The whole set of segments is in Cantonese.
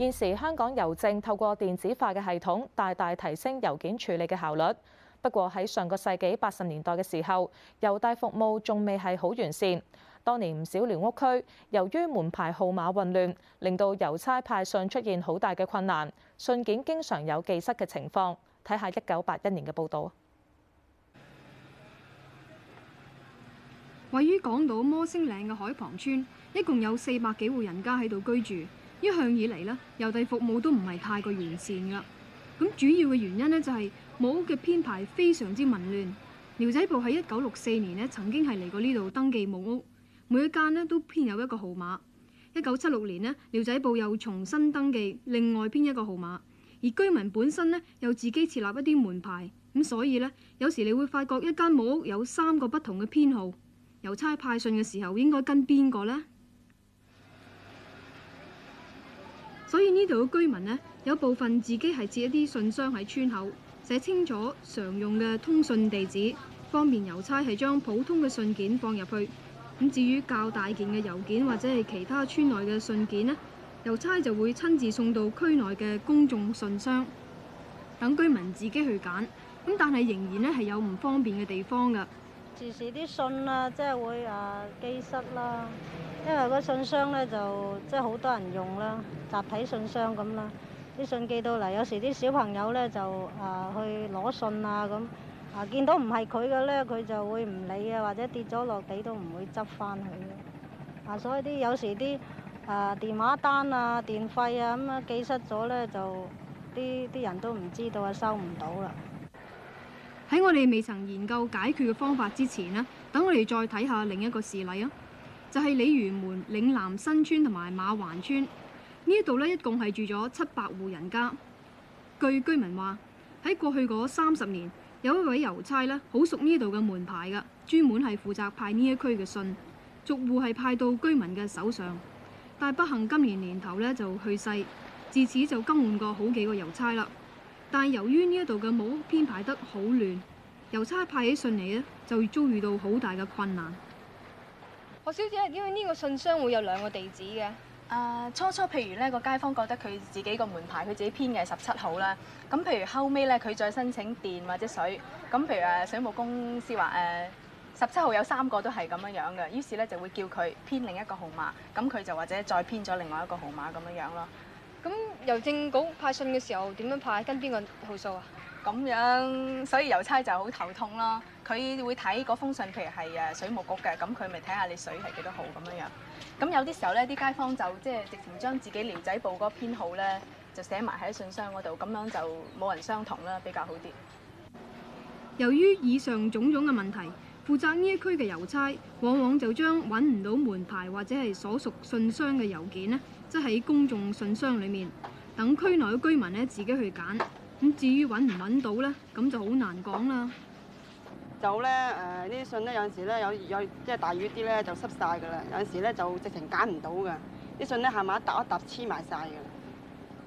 現時香港郵政透過電子化嘅系統，大大提升郵件處理嘅效率。不過喺上個世紀八十年代嘅時候，郵遞服務仲未係好完善。當年唔少寮屋區，由於門牌號碼混亂，令到郵差派信出現好大嘅困難，信件經常有寄失嘅情況。睇下一九八一年嘅報導，位於港島摩星嶺嘅海旁村，一共有四百幾戶人家喺度居住。一向以嚟呢，郵遞服務都唔係太過完善㗎。咁主要嘅原因呢、就是，就係木屋嘅編排非常之紊亂。寮仔部喺一九六四年呢，曾經係嚟過呢度登記木屋，每一間呢都編有一個號碼。一九七六年呢，寮仔部又重新登記另外編一個號碼，而居民本身呢又自己設立一啲門牌。咁所以呢，有時你會發覺一間木屋有三個不同嘅編號，郵差派信嘅時候應該跟邊個呢？所以呢度嘅居民呢，有部分自己係設一啲信箱喺村口，寫清楚常用嘅通訊地址，方便郵差係將普通嘅信件放入去。咁至於較大件嘅郵件或者係其他村內嘅信件呢，郵差就會親自送到區內嘅公眾信箱，等居民自己去揀。咁但係仍然呢，係有唔方便嘅地方㗎。時時啲信啊，即係會啊寄失啦，因為個信箱咧就即係好多人用啦，集體信箱咁啦。啲信寄到嚟，有時啲小朋友咧就啊去攞信啊咁啊，見到唔係佢嘅咧，佢就會唔理啊，或者跌咗落地都唔會執翻去。啊，所以啲有時啲啊電話單啊電費啊咁啊寄失咗咧，就啲啲人都唔知道啊，收唔到啦。喺我哋未曾研究解決嘅方法之前呢，等我哋再睇下另一個事例啊，就係鯉魚門嶺南新村同埋馬環村呢一度一共係住咗七百戶人家。據居民話，喺過去嗰三十年，有一位郵差啦，好熟呢度嘅門牌噶，專門係負責派呢一區嘅信，逐戶係派到居民嘅手上。但不幸今年年頭就去世，自此就更換過好幾個郵差啦。但係由於呢一度嘅冇編排得好亂，郵差派起信嚟咧就會遭遇到好大嘅困難。何小姐點解呢個信箱會有兩個地址嘅？誒、啊，初初譬如呢個街坊覺得佢自己個門牌佢自己編嘅係十七號啦。咁譬如後尾咧佢再申請電或者水，咁譬如誒、啊、水務公司話誒十七號有三個都係咁樣樣嘅，於是咧就會叫佢編另一個號碼。咁佢就或者再編咗另外一個號碼咁樣樣咯。咁郵政局派信嘅時候點樣派？跟邊個號數啊？咁樣，所以郵差就好頭痛啦。佢會睇嗰封信譬如係誒水務局嘅，咁佢咪睇下你水係幾多號咁樣樣。咁有啲時候咧，啲街坊就即係直情將自己寮仔部嗰個編號咧，就寫埋喺信箱嗰度，咁樣就冇人相同啦，比較好啲。由於以上種種嘅問題，負責呢一區嘅郵差，往往就將搵唔到門牌或者係所屬信箱嘅郵件呢，即喺公眾信箱裏面，等區內嘅居民呢，自己去揀。咁至於搵唔搵到呢，咁就好難講啦。就咧誒，呢、呃、啲信呢，有陣時咧有雨，即係大雨啲咧就濕晒噶啦。有陣、就是、時咧就直情揀唔到噶，啲信呢，係咪一沓一沓黐埋晒噶？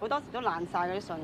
好多時都爛晒嘅啲信。